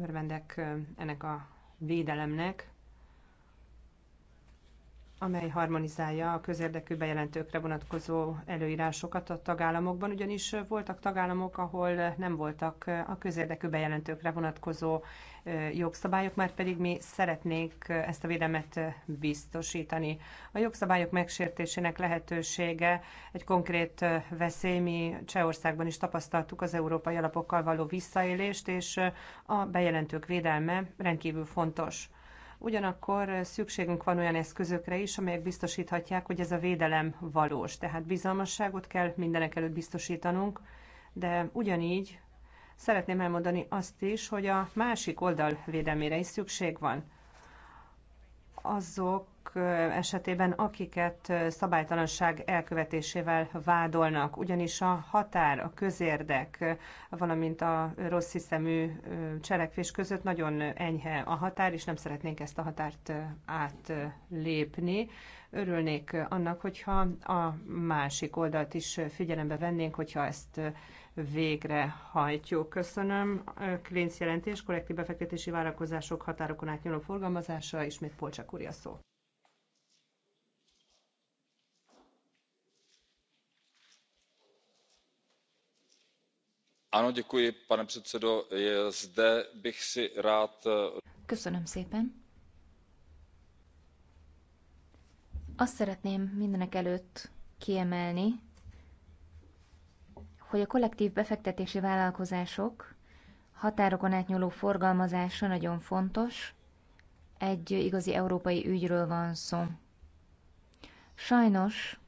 örvendek ennek a védelemnek, amely harmonizálja a közérdekű bejelentőkre vonatkozó előírásokat a tagállamokban, ugyanis voltak tagállamok, ahol nem voltak a közérdekű bejelentőkre vonatkozó jogszabályok, már pedig mi szeretnénk ezt a védelmet biztosítani. A jogszabályok megsértésének lehetősége egy konkrét veszély, mi Csehországban is tapasztaltuk az európai alapokkal való visszaélést, és a bejelentők védelme rendkívül fontos. Ugyanakkor szükségünk van olyan eszközökre is, amelyek biztosíthatják, hogy ez a védelem valós. Tehát bizalmasságot kell mindenek előtt biztosítanunk, de ugyanígy szeretném elmondani azt is, hogy a másik oldal védelmére is szükség van. Azok esetében, akiket szabálytalanság elkövetésével vádolnak, ugyanis a határ, a közérdek, valamint a rossz hiszemű cselekvés között nagyon enyhe a határ, és nem szeretnénk ezt a határt átlépni. Örülnék annak, hogyha a másik oldalt is figyelembe vennénk, hogyha ezt végrehajtjuk. Köszönöm. Klinc jelentés, kollektív befektetési vállalkozások határokon átnyúló forgalmazása, ismét Polcsak úr a szó. pane předsedající eh, köszönöm szépen. azt szeretném mindenekelőtt kiemelni hogy a kollektv befektetési vállalkozások határokon átnyúló forgalmazása nagyon fontos egy igazi európai ügyről van szó. sajnos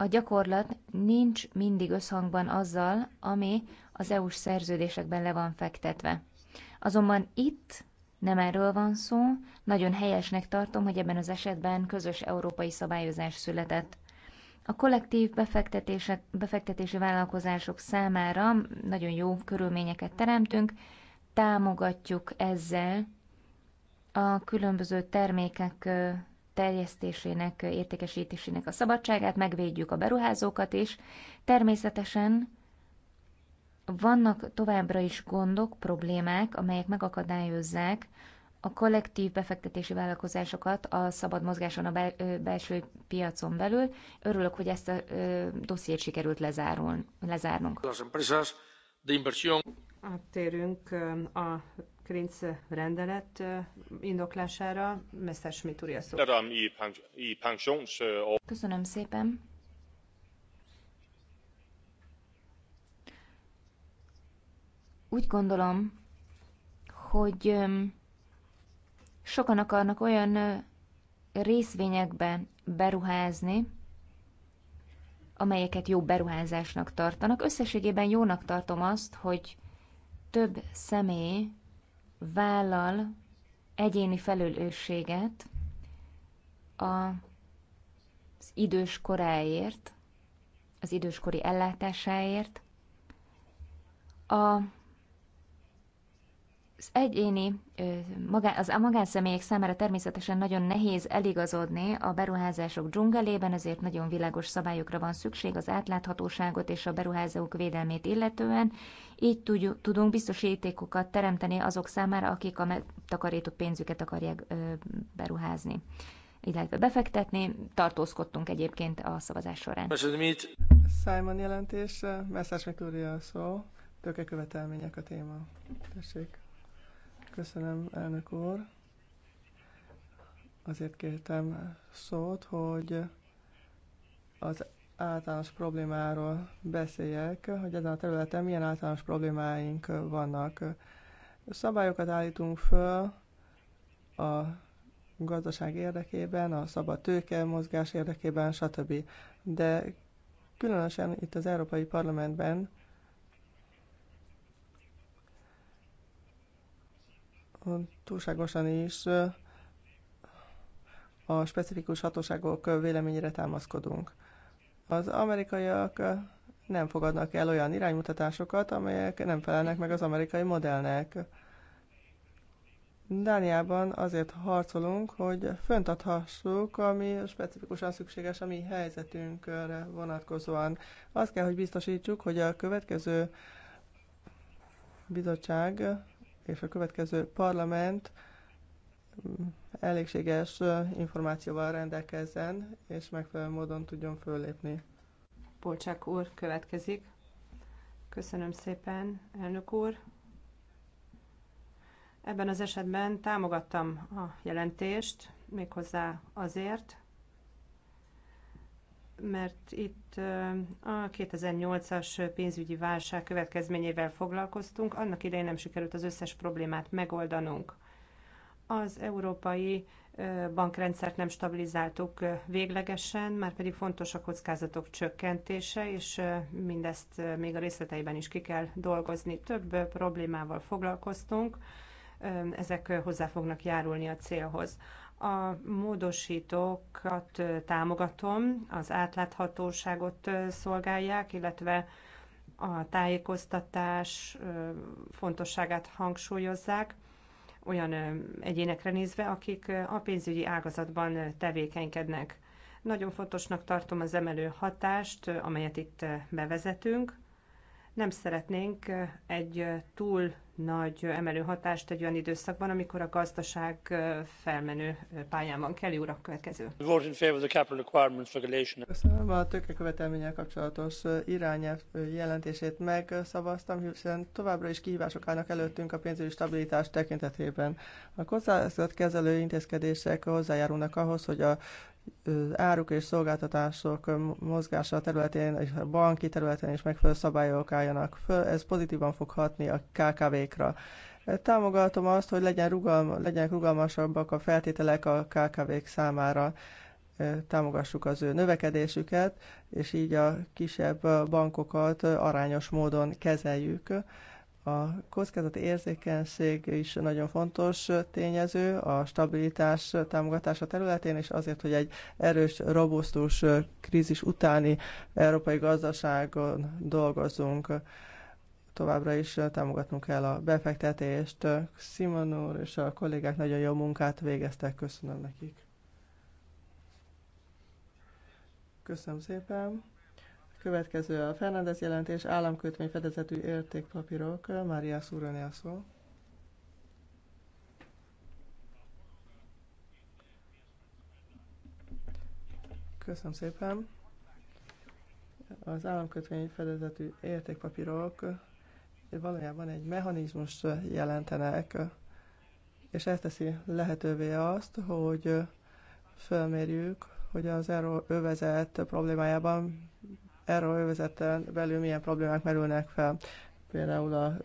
a gyakorlat nincs mindig összhangban azzal, ami az EU-s szerződésekben le van fektetve. Azonban itt nem erről van szó, nagyon helyesnek tartom, hogy ebben az esetben közös európai szabályozás született. A kollektív befektetések, befektetési vállalkozások számára nagyon jó körülményeket teremtünk, támogatjuk ezzel a különböző termékek terjesztésének, értékesítésének a szabadságát, megvédjük a beruházókat is. Természetesen vannak továbbra is gondok, problémák, amelyek megakadályozzák a kollektív befektetési vállalkozásokat a szabad mozgáson a belső piacon belül. Örülök, hogy ezt a dossziét sikerült lezárul, lezárnunk. Áttérünk a Krinc rendelet indoklására. Messerschmitt úr, szó. Köszönöm szépen. Úgy gondolom, hogy sokan akarnak olyan részvényekbe beruházni, amelyeket jó beruházásnak tartanak. Összességében jónak tartom azt, hogy több személy vállal egyéni felelősséget az idős koráért, az időskori ellátásáért, a, az egyéni, az a magánszemélyek számára természetesen nagyon nehéz eligazodni a beruházások dzsungelében, ezért nagyon világos szabályokra van szükség az átláthatóságot és a beruházók védelmét illetően, így tudunk biztosítékokat teremteni azok számára, akik a megtakarított pénzüket akarják beruházni illetve befektetni. Tartózkodtunk egyébként a szavazás során. Simon jelentés, Messzás Mikúria a szó, követelmények a téma. Tessék. Köszönöm, elnök úr. Azért kértem szót, hogy az általános problémáról beszéljek, hogy ezen a területen milyen általános problémáink vannak. Szabályokat állítunk föl a gazdaság érdekében, a szabad tőke mozgás érdekében, stb. De különösen itt az Európai Parlamentben túlságosan is a specifikus hatóságok véleményére támaszkodunk. Az amerikaiak nem fogadnak el olyan iránymutatásokat, amelyek nem felelnek meg az amerikai modellnek. Dániában azért harcolunk, hogy föntarthassuk, ami specifikusan szükséges a mi helyzetünkre vonatkozóan. Azt kell, hogy biztosítsuk, hogy a következő bizottság és a következő parlament elégséges információval rendelkezzen, és megfelelő módon tudjon föllépni. Polcsák úr következik. Köszönöm szépen, elnök úr. Ebben az esetben támogattam a jelentést, méghozzá azért, mert itt a 2008-as pénzügyi válság következményével foglalkoztunk, annak idején nem sikerült az összes problémát megoldanunk. Az európai bankrendszert nem stabilizáltuk véglegesen, már pedig fontos a kockázatok csökkentése, és mindezt még a részleteiben is ki kell dolgozni. Több problémával foglalkoztunk, ezek hozzá fognak járulni a célhoz. A módosítókat támogatom, az átláthatóságot szolgálják, illetve a tájékoztatás fontosságát hangsúlyozzák olyan egyénekre nézve, akik a pénzügyi ágazatban tevékenykednek. Nagyon fontosnak tartom az emelő hatást, amelyet itt bevezetünk, nem szeretnénk egy túl nagy emelő hatást egy olyan időszakban, amikor a gazdaság felmenő pályán van. Kelly úr, következő. Köszönöm a követelménye kapcsolatos irányelv jelentését megszavaztam, hiszen továbbra is kihívások állnak előttünk a pénzügyi stabilitás tekintetében. A kockázatkezelő intézkedések hozzájárulnak ahhoz, hogy a áruk és szolgáltatások mozgása a területén és a banki területen is megfelelő szabályok álljanak föl. Ez pozitívan fog hatni a KKV-kra. Támogatom azt, hogy legyen rugalma, legyenek rugalmasabbak a feltételek a KKV-k számára, támogassuk az ő növekedésüket, és így a kisebb bankokat arányos módon kezeljük a kockázati érzékenység is nagyon fontos tényező a stabilitás támogatása területén, és azért, hogy egy erős, robusztus krízis utáni európai gazdaságon dolgozzunk továbbra is támogatnunk kell a befektetést. Simon úr és a kollégák nagyon jó munkát végeztek, köszönöm nekik. Köszönöm szépen. Következő a Fernández jelentés, államkötvény fedezetű értékpapírok. Mária Szúrani a szó. Köszönöm szépen. Az államkötvény fedezetű értékpapírok valójában egy mechanizmust jelentenek, és ez teszi lehetővé azt, hogy felmérjük, hogy az övezet problémájában a övezeten belül milyen problémák merülnek fel. Például a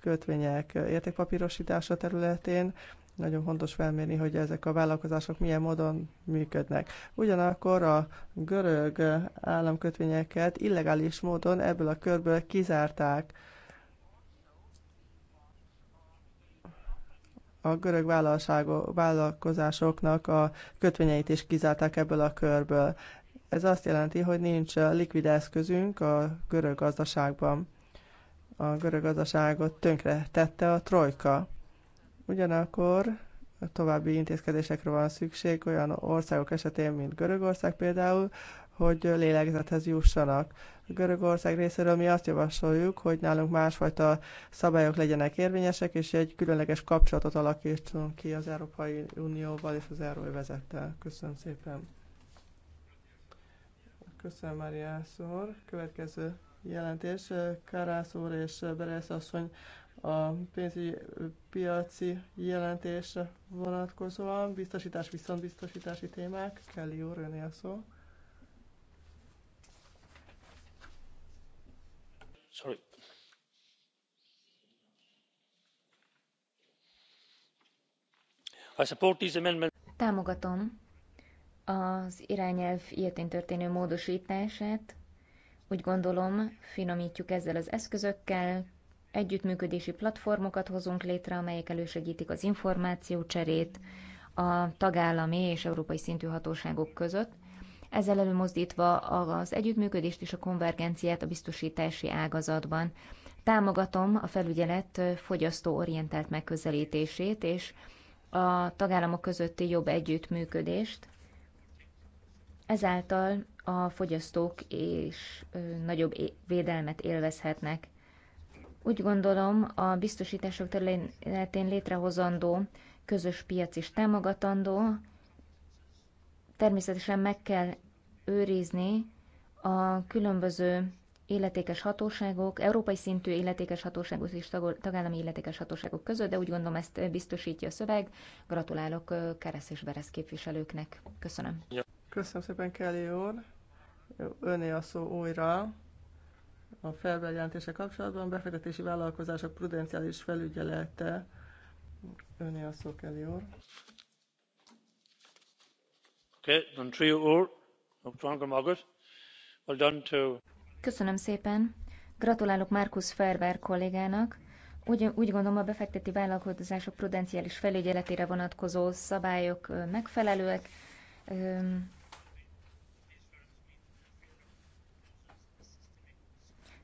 kötvények értékpapírosítása területén, nagyon fontos felmérni, hogy ezek a vállalkozások milyen módon működnek. Ugyanakkor a görög államkötvényeket illegális módon ebből a körből kizárták. A görög vállalkozásoknak a kötvényeit is kizárták ebből a körből. Ez azt jelenti, hogy nincs uh, likvid eszközünk a görög gazdaságban. A görög gazdaságot tönkre tette a trojka. Ugyanakkor további intézkedésekre van szükség olyan országok esetén, mint Görögország például, hogy lélegzethez jussanak. A Görögország részéről mi azt javasoljuk, hogy nálunk másfajta szabályok legyenek érvényesek, és egy különleges kapcsolatot alakítsunk ki az Európai Unióval és az Euróvezettel. Köszönöm szépen! Köszönöm, Mária Szor. Következő jelentés. Karász úr és Beresz asszony a pénzügyi piaci jelentésre vonatkozóan. Biztosítás, viszontbiztosítási témák. Kelly úr, öné a szó. Sorry. I support these amendments. Támogatom az irányelv ilyetén történő módosítását. Úgy gondolom, finomítjuk ezzel az eszközökkel, együttműködési platformokat hozunk létre, amelyek elősegítik az információcserét a tagállami és európai szintű hatóságok között, ezzel előmozdítva az együttműködést és a konvergenciát a biztosítási ágazatban. Támogatom a felügyelet fogyasztóorientált megközelítését és a tagállamok közötti jobb együttműködést, Ezáltal a fogyasztók és nagyobb védelmet élvezhetnek. Úgy gondolom, a biztosítások területén létrehozandó közös piac is támogatandó. Természetesen meg kell őrizni a különböző illetékes hatóságok, európai szintű illetékes hatóságok és tagállami illetékes hatóságok között, de úgy gondolom ezt biztosítja a szöveg. Gratulálok Keresz és Beresz képviselőknek. Köszönöm. Ja. Köszönöm szépen, Kelly úr. Öné a szó újra a felbejelentése kapcsolatban. Befektetési vállalkozások prudenciális felügyelete. Öné a szó, Kelly úr. Köszönöm szépen. Gratulálok Markus Ferber kollégának. Úgy, úgy gondolom, a befekteti vállalkozások prudenciális felügyeletére vonatkozó szabályok megfelelőek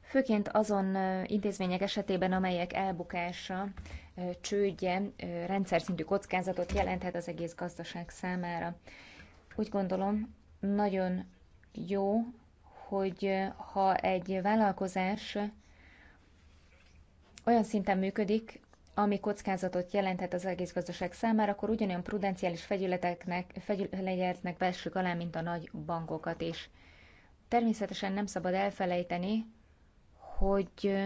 főként azon intézmények esetében, amelyek elbukása, csődje rendszer szintű kockázatot jelenthet az egész gazdaság számára. Úgy gondolom, nagyon jó, hogy ha egy vállalkozás olyan szinten működik, ami kockázatot jelenthet az egész gazdaság számára, akkor ugyanolyan prudenciális fegyületeknek, fegyületeknek vessük alá, mint a nagy bankokat is. Természetesen nem szabad elfelejteni, hogy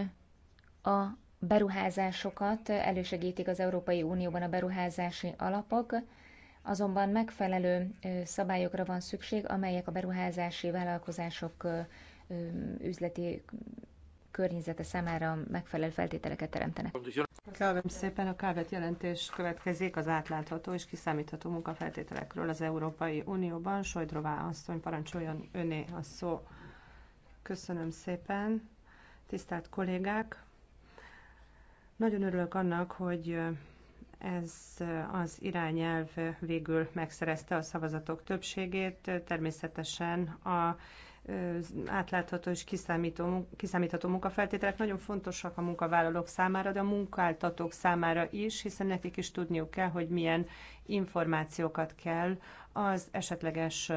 a beruházásokat elősegítik az Európai Unióban a beruházási alapok, azonban megfelelő szabályokra van szükség, amelyek a beruházási vállalkozások üzleti környezete számára megfelelő feltételeket teremtenek. Köszönöm szépen, a kávet jelentés következik az átlátható és kiszámítható munkafeltételekről az Európai Unióban. Sojdrová asszony parancsoljon öné a szó. Köszönöm szépen. Tisztelt kollégák! Nagyon örülök annak, hogy ez az irányelv végül megszerezte a szavazatok többségét. Természetesen a átlátható és kiszámító, kiszámítható munkafeltételek nagyon fontosak a munkavállalók számára, de a munkáltatók számára is, hiszen nekik is tudniuk kell, hogy milyen információkat kell az esetleges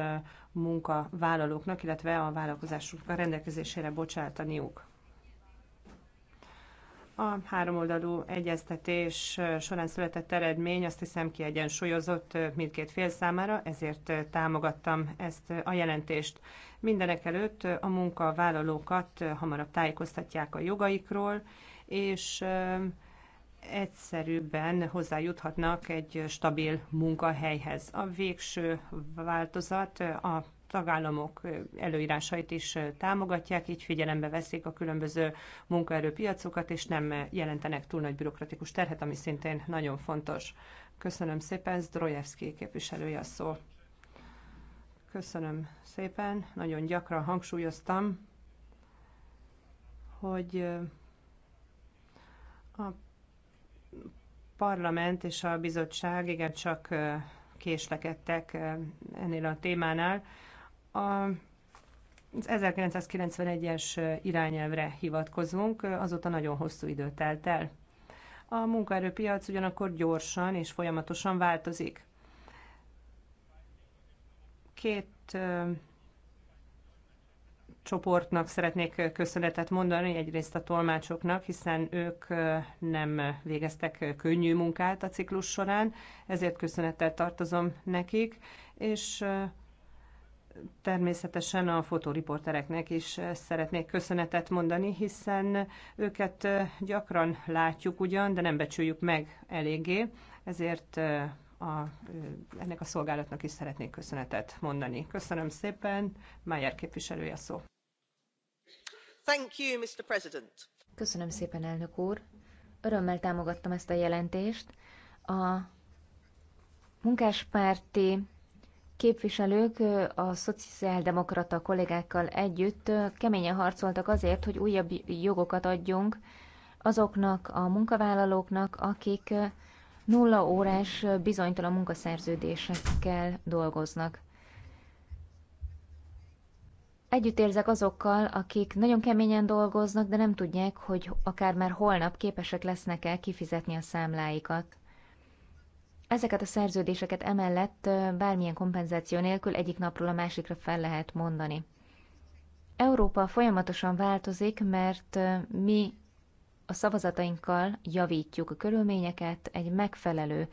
munkavállalóknak, illetve a vállalkozásuk rendelkezésére bocsátaniuk. A háromoldalú egyeztetés során született eredmény azt hiszem kiegyensúlyozott mindkét fél számára, ezért támogattam ezt a jelentést. Mindenek előtt a munkavállalókat hamarabb tájékoztatják a jogaikról, és egyszerűbben hozzájuthatnak egy stabil munkahelyhez. A végső változat a tagállamok előírásait is támogatják, így figyelembe veszik a különböző munkaerőpiacokat, és nem jelentenek túl nagy bürokratikus terhet, ami szintén nagyon fontos. Köszönöm szépen, Zdrojevszki képviselője a szó. Köszönöm szépen, nagyon gyakran hangsúlyoztam, hogy a parlament és a bizottság igencsak késlekedtek ennél a témánál, a az 1991-es irányelvre hivatkozunk, azóta nagyon hosszú idő telt el. A munkaerőpiac ugyanakkor gyorsan és folyamatosan változik. Két ö, csoportnak szeretnék köszönetet mondani, egyrészt a tolmácsoknak, hiszen ők nem végeztek könnyű munkát a ciklus során, ezért köszönettel tartozom nekik, és természetesen a fotóriportereknek is szeretnék köszönetet mondani, hiszen őket gyakran látjuk ugyan, de nem becsüljük meg eléggé, ezért a, ennek a szolgálatnak is szeretnék köszönetet mondani. Köszönöm szépen, Májer képviselője szó. Thank you, Mr. President. Köszönöm szépen, elnök úr. Örömmel támogattam ezt a jelentést. A munkáspárti képviselők a szociáldemokrata kollégákkal együtt keményen harcoltak azért, hogy újabb jogokat adjunk azoknak a munkavállalóknak, akik nulla órás bizonytalan munkaszerződésekkel dolgoznak. Együtt érzek azokkal, akik nagyon keményen dolgoznak, de nem tudják, hogy akár már holnap képesek lesznek-e kifizetni a számláikat. Ezeket a szerződéseket emellett bármilyen kompenzáció nélkül egyik napról a másikra fel lehet mondani. Európa folyamatosan változik, mert mi a szavazatainkkal javítjuk a körülményeket, egy megfelelő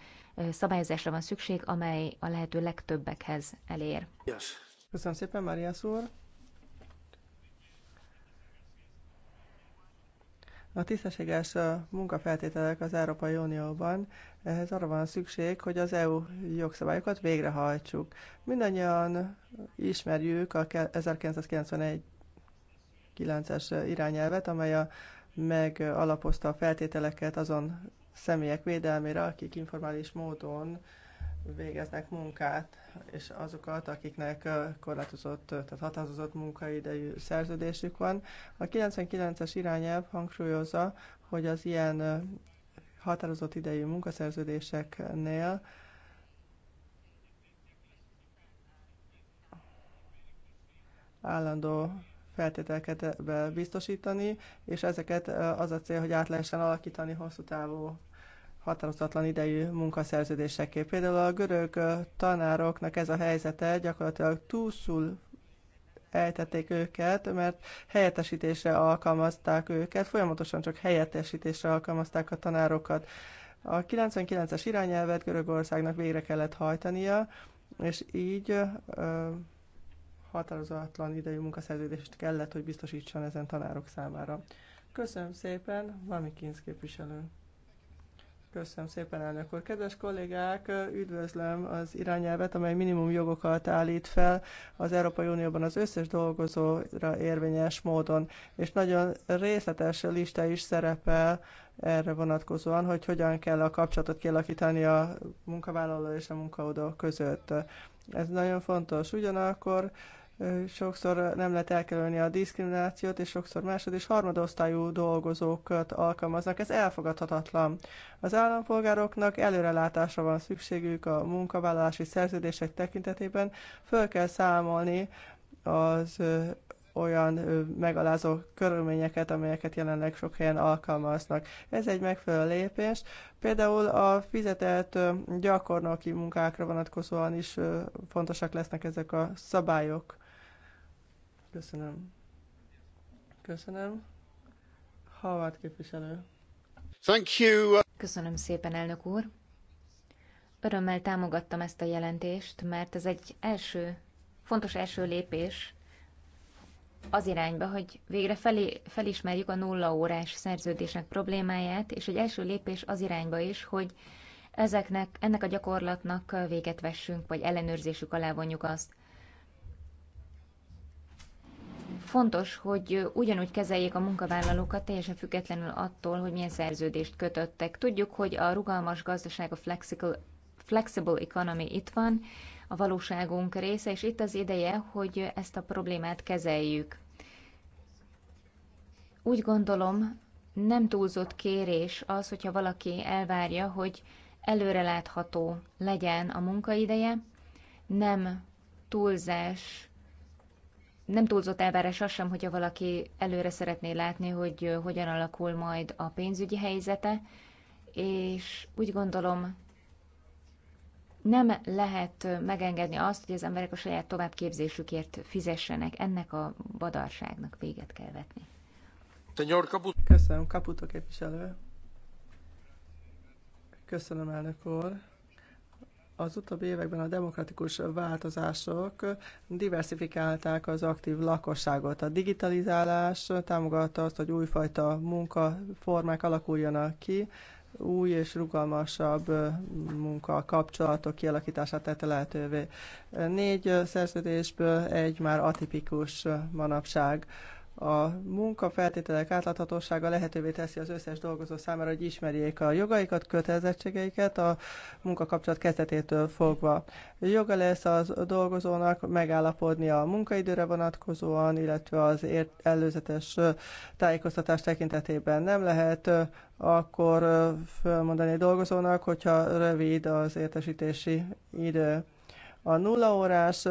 szabályozásra van szükség, amely a lehető legtöbbekhez elér. Yes. Köszönöm szépen, Mária úr! A tisztességes munkafeltételek az Európai Unióban, ehhez arra van szükség, hogy az EU jogszabályokat végrehajtsuk. Mindannyian ismerjük a 1991 es irányelvet, amely a megalapozta a feltételeket azon személyek védelmére, akik informális módon végeznek munkát, és azokat, akiknek korlátozott, tehát határozott munkaidejű szerződésük van. A 99-es irányelv hangsúlyozza, hogy az ilyen határozott idejű munkaszerződéseknél állandó feltételeket biztosítani, és ezeket az a cél, hogy át lehessen alakítani hosszú távú határozatlan idejű munkaszerződéseké. Például a görög tanároknak ez a helyzete gyakorlatilag túlszul eltették őket, mert helyettesítésre alkalmazták őket, folyamatosan csak helyettesítésre alkalmazták a tanárokat. A 99-es irányelvet Görögországnak végre kellett hajtania, és így ö, határozatlan idejű munkaszerződést kellett, hogy biztosítson ezen tanárok számára. Köszönöm szépen, Vamikinsz képviselő. Köszönöm szépen, elnök úr. Kedves kollégák, üdvözlöm az irányelvet, amely minimum jogokat állít fel az Európai Unióban az összes dolgozóra érvényes módon, és nagyon részletes lista is szerepel erre vonatkozóan, hogy hogyan kell a kapcsolatot kialakítani a munkavállaló és a munkaadó között. Ez nagyon fontos. Ugyanakkor sokszor nem lehet elkerülni a diszkriminációt, és sokszor másod és harmadosztályú dolgozókat alkalmaznak. Ez elfogadhatatlan. Az állampolgároknak előrelátásra van szükségük a munkavállalási szerződések tekintetében. Föl kell számolni az olyan megalázó körülményeket, amelyeket jelenleg sok helyen alkalmaznak. Ez egy megfelelő lépés. Például a fizetett gyakornoki munkákra vonatkozóan is fontosak lesznek ezek a szabályok. Köszönöm. Köszönöm. Havard képviselő. Thank you. Uh, Köszönöm szépen, elnök úr. Örömmel támogattam ezt a jelentést, mert ez egy első, fontos első lépés az irányba, hogy végre felé, felismerjük a nulla órás szerződésnek problémáját, és egy első lépés az irányba is, hogy ezeknek, ennek a gyakorlatnak véget vessünk, vagy ellenőrzésük alá vonjuk azt. Fontos, hogy ugyanúgy kezeljék a munkavállalókat, teljesen függetlenül attól, hogy milyen szerződést kötöttek. Tudjuk, hogy a rugalmas gazdaság, a flexible, flexible economy itt van, a valóságunk része, és itt az ideje, hogy ezt a problémát kezeljük. Úgy gondolom, nem túlzott kérés az, hogyha valaki elvárja, hogy előrelátható legyen a munkaideje, nem túlzás nem túlzott elvárás az sem, hogyha valaki előre szeretné látni, hogy hogyan alakul majd a pénzügyi helyzete, és úgy gondolom, nem lehet megengedni azt, hogy az emberek a saját továbbképzésükért fizessenek. Ennek a badarságnak véget kell vetni. Senyor Caputo. Köszönöm, Caputo képviselő. Köszönöm, elnök úr az utóbbi években a demokratikus változások diversifikálták az aktív lakosságot. A digitalizálás támogatta azt, hogy újfajta munkaformák alakuljanak ki, új és rugalmasabb munka kapcsolatok kialakítását tette lehetővé. Négy szerződésből egy már atipikus manapság a munkafeltételek átláthatósága lehetővé teszi az összes dolgozó számára, hogy ismerjék a jogaikat, kötelezettségeiket a munkakapcsolat kezdetétől fogva. Joga lesz az dolgozónak megállapodni a munkaidőre vonatkozóan, illetve az ért előzetes tájékoztatás tekintetében nem lehet akkor fölmondani a dolgozónak, hogyha rövid az értesítési idő a órás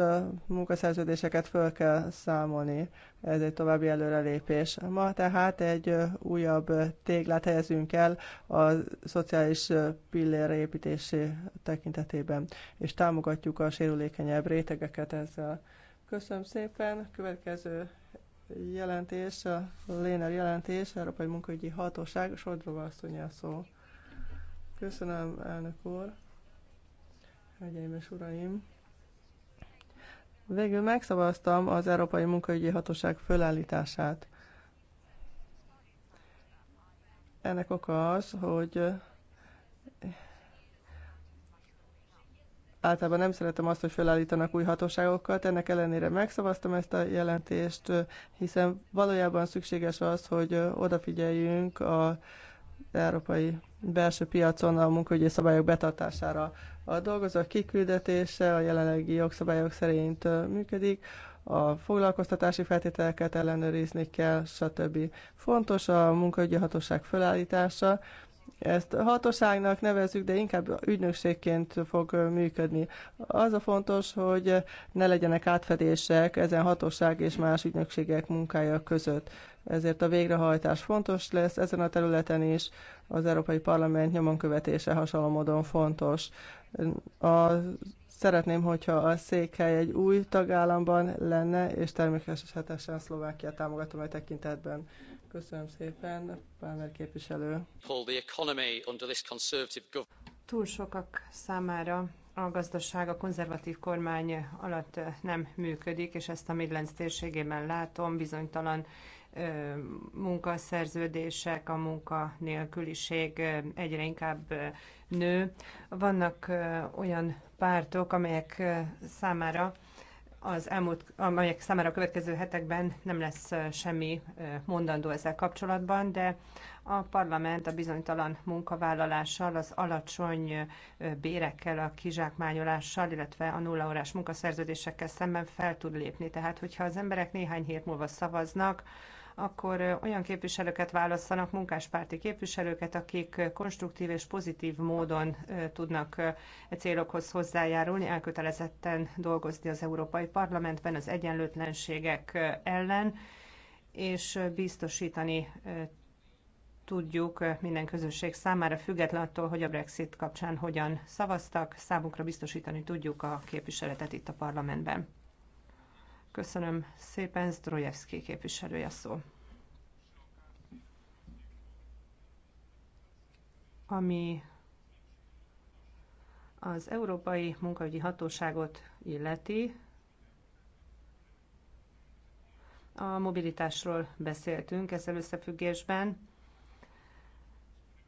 munkaszerződéseket föl kell számolni, ez egy további előrelépés. Ma tehát egy újabb téglát helyezünk el a szociális pillér építési tekintetében, és támogatjuk a sérülékenyebb rétegeket ezzel. Köszönöm szépen. Következő jelentés, a Léner jelentés, Európai Munkaügyi Hatóság, Sodrova asszonyja szó. Köszönöm, elnök úr. Hölgyeim és uraim! Végül megszavaztam az Európai Munkaügyi Hatóság fölállítását. Ennek oka az, hogy általában nem szeretem azt, hogy felállítanak új hatóságokat, ennek ellenére megszavaztam ezt a jelentést, hiszen valójában szükséges az, hogy odafigyeljünk a európai belső piacon a munkaügyi szabályok betartására. A dolgozók kiküldetése a jelenlegi jogszabályok szerint működik, a foglalkoztatási feltételeket ellenőrizni kell, stb. Fontos a munkaügyi hatóság felállítása, ezt hatóságnak nevezzük, de inkább ügynökségként fog működni. Az a fontos, hogy ne legyenek átfedések ezen hatóság és más ügynökségek munkája között. Ezért a végrehajtás fontos lesz ezen a területen is, az Európai Parlament nyomonkövetése hasonló módon fontos. A, szeretném, hogyha a székhely egy új tagállamban lenne, és természetesen Szlovákiát támogatom a tekintetben. Köszönöm szépen, Pálmer képviselő. Túl sokak számára a gazdaság a konzervatív kormány alatt nem működik, és ezt a Midlands térségében látom, bizonytalan munkaszerződések, a munkanélküliség egyre inkább nő. Vannak olyan pártok, amelyek számára az elmúlt, amelyek számára a következő hetekben nem lesz semmi mondandó ezzel kapcsolatban, de a parlament a bizonytalan munkavállalással, az alacsony bérekkel, a kizsákmányolással, illetve a nullaórás munkaszerződésekkel szemben fel tud lépni. Tehát, hogyha az emberek néhány hét múlva szavaznak, akkor olyan képviselőket választanak, munkáspárti képviselőket, akik konstruktív és pozitív módon tudnak e célokhoz hozzájárulni, elkötelezetten dolgozni az Európai Parlamentben az egyenlőtlenségek ellen, és biztosítani tudjuk minden közösség számára, független attól, hogy a Brexit kapcsán hogyan szavaztak, számukra biztosítani tudjuk a képviseletet itt a parlamentben. Köszönöm szépen, Zdrojevski képviselője szó. Ami az Európai Munkaügyi Hatóságot illeti, a mobilitásról beszéltünk ezzel összefüggésben.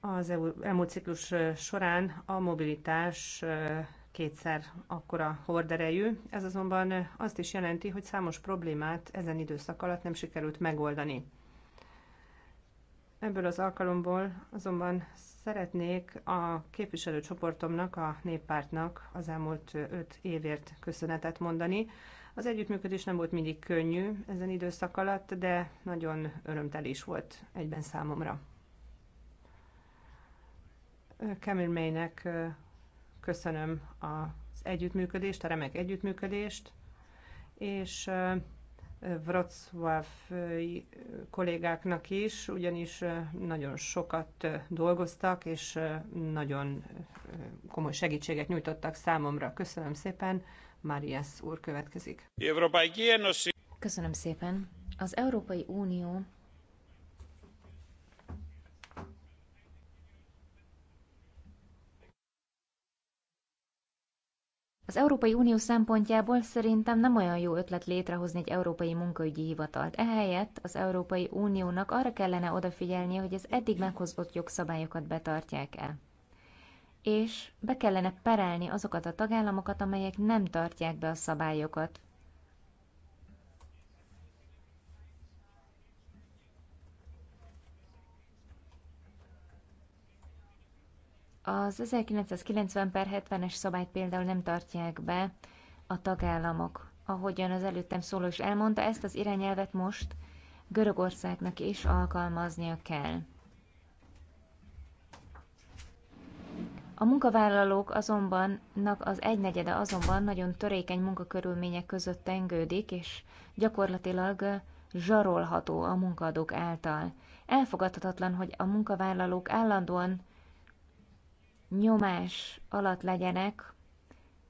Az elmúlt ciklus során a mobilitás kétszer akkora horderejű. Ez azonban azt is jelenti, hogy számos problémát ezen időszak alatt nem sikerült megoldani. Ebből az alkalomból azonban szeretnék a képviselőcsoportomnak, a néppártnak az elmúlt öt évért köszönetet mondani. Az együttműködés nem volt mindig könnyű ezen időszak alatt, de nagyon örömteli is volt egyben számomra. Camille Maynek köszönöm az együttműködést, a remek együttműködést, és Wrocław kollégáknak is, ugyanis nagyon sokat dolgoztak, és nagyon komoly segítséget nyújtottak számomra. Köszönöm szépen, Marias úr következik. Köszönöm szépen. Az Európai Unió Az Európai Unió szempontjából szerintem nem olyan jó ötlet létrehozni egy európai munkaügyi hivatalt. Ehelyett az Európai Uniónak arra kellene odafigyelnie, hogy az eddig meghozott jogszabályokat betartják-e. És be kellene perelni azokat a tagállamokat, amelyek nem tartják be a szabályokat. Az 1990 per 70-es szabályt például nem tartják be a tagállamok. Ahogyan az előttem szóló is elmondta, ezt az irányelvet most Görögországnak is alkalmaznia kell. A munkavállalók azonban, az egynegyede azonban nagyon törékeny munkakörülmények között tengődik, és gyakorlatilag zsarolható a munkaadók által. Elfogadhatatlan, hogy a munkavállalók állandóan nyomás alatt legyenek,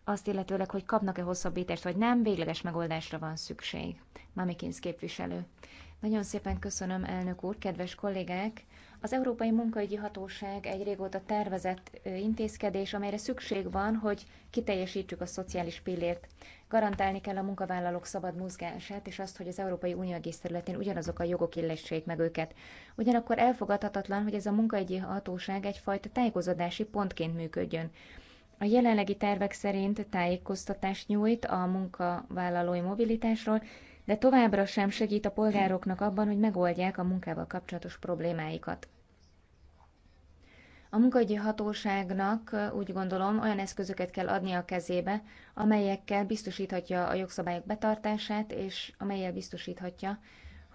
azt illetőleg, hogy kapnak-e hosszabbítást, vagy nem, végleges megoldásra van szükség. Mamikins képviselő. Nagyon szépen köszönöm, elnök úr, kedves kollégák! Az Európai Munkaügyi Hatóság egy régóta tervezett intézkedés, amelyre szükség van, hogy kiteljesítsük a szociális pillért. Garantálni kell a munkavállalók szabad mozgását, és azt, hogy az Európai Unió egész területén ugyanazok a jogok illessék meg őket. Ugyanakkor elfogadhatatlan, hogy ez a munkaügyi hatóság egyfajta tájékozódási pontként működjön. A jelenlegi tervek szerint tájékoztatást nyújt a munkavállalói mobilitásról, de továbbra sem segít a polgároknak abban, hogy megoldják a munkával kapcsolatos problémáikat. A munkahogyi hatóságnak uh, úgy gondolom olyan eszközöket kell adni a kezébe, amelyekkel biztosíthatja a jogszabályok betartását, és amelyel biztosíthatja,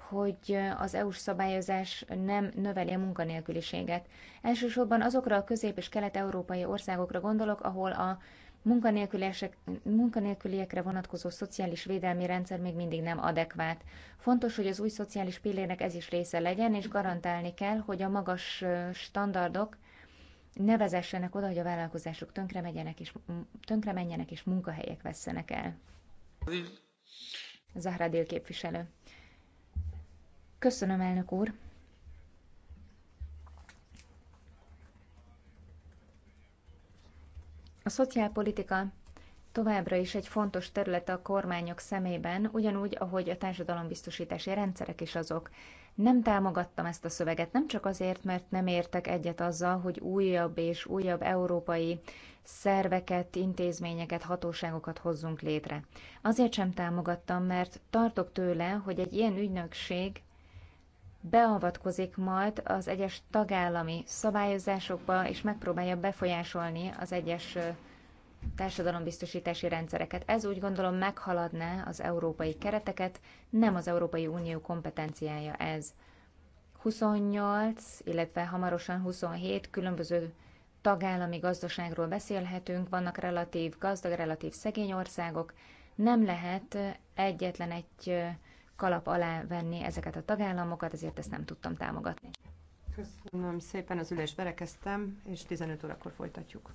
hogy az EU-s szabályozás nem növeli a munkanélküliséget. Elsősorban azokra a közép- és kelet-európai országokra gondolok, ahol a munkanélküliekre vonatkozó szociális védelmi rendszer még mindig nem adekvát. Fontos, hogy az új szociális pillérnek ez is része legyen, és garantálni kell, hogy a magas standardok ne vezessenek oda, hogy a vállalkozások tönkre, és, tönkre menjenek és munkahelyek vesszenek el. Dél képviselő. Köszönöm, elnök úr! A szociálpolitika továbbra is egy fontos területe a kormányok szemében, ugyanúgy, ahogy a társadalombiztosítási rendszerek is azok. Nem támogattam ezt a szöveget, nem csak azért, mert nem értek egyet azzal, hogy újabb és újabb európai szerveket, intézményeket, hatóságokat hozzunk létre. Azért sem támogattam, mert tartok tőle, hogy egy ilyen ügynökség beavatkozik majd az egyes tagállami szabályozásokba, és megpróbálja befolyásolni az egyes társadalombiztosítási rendszereket. Ez úgy gondolom meghaladná az európai kereteket, nem az Európai Unió kompetenciája ez. 28, illetve hamarosan 27 különböző tagállami gazdaságról beszélhetünk, vannak relatív gazdag, relatív szegény országok, nem lehet egyetlen egy kalap alá venni ezeket a tagállamokat, ezért ezt nem tudtam támogatni. Köszönöm szépen, az ülés berekeztem, és 15 órakor folytatjuk.